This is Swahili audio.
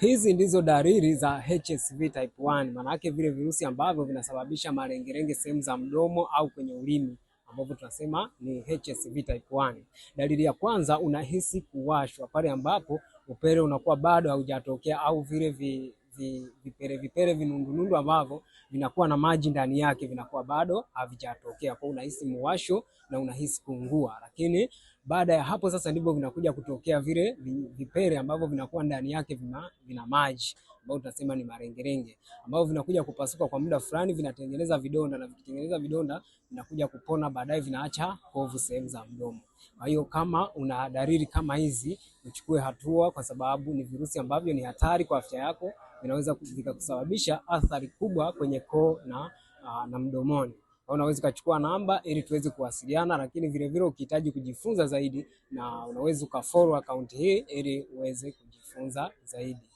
Hizi ndizo dalili za HSV type 1, maana yake vile virusi ambavyo vinasababisha malengelenge sehemu za mdomo au kwenye ulimi ambavyo tunasema ni HSV type 1. Dalili ya kwanza, unahisi kuwashwa pale ambapo upele unakuwa bado haujatokea au vile vi vi, vipere vipere vinundunundu ambavyo vinakuwa na maji ndani yake vinakuwa bado havijatokea, kwa unahisi muwasho na unahisi kuungua, lakini baada ya hapo sasa ndivyo vinakuja kutokea vile vipere ambavyo vinakuwa ndani yake vina, vina maji ambao tunasema ni marengerenge ambao vinakuja kupasuka kwa muda fulani, vinatengeneza vidonda na vikitengeneza vidonda vinakuja kupona baadaye, vinaacha kovu sehemu za mdomo. Kwa hiyo kama una dalili kama hizi, uchukue hatua, kwa sababu ni virusi ambavyo ni hatari kwa afya yako vinaweza vikakusababisha athari kubwa kwenye koo na, uh, na mdomoni. Unaweza ukachukua namba ili tuweze kuwasiliana, lakini vilevile ukihitaji kujifunza zaidi, na unaweza ukafollow akaunti hii ili uweze kujifunza zaidi.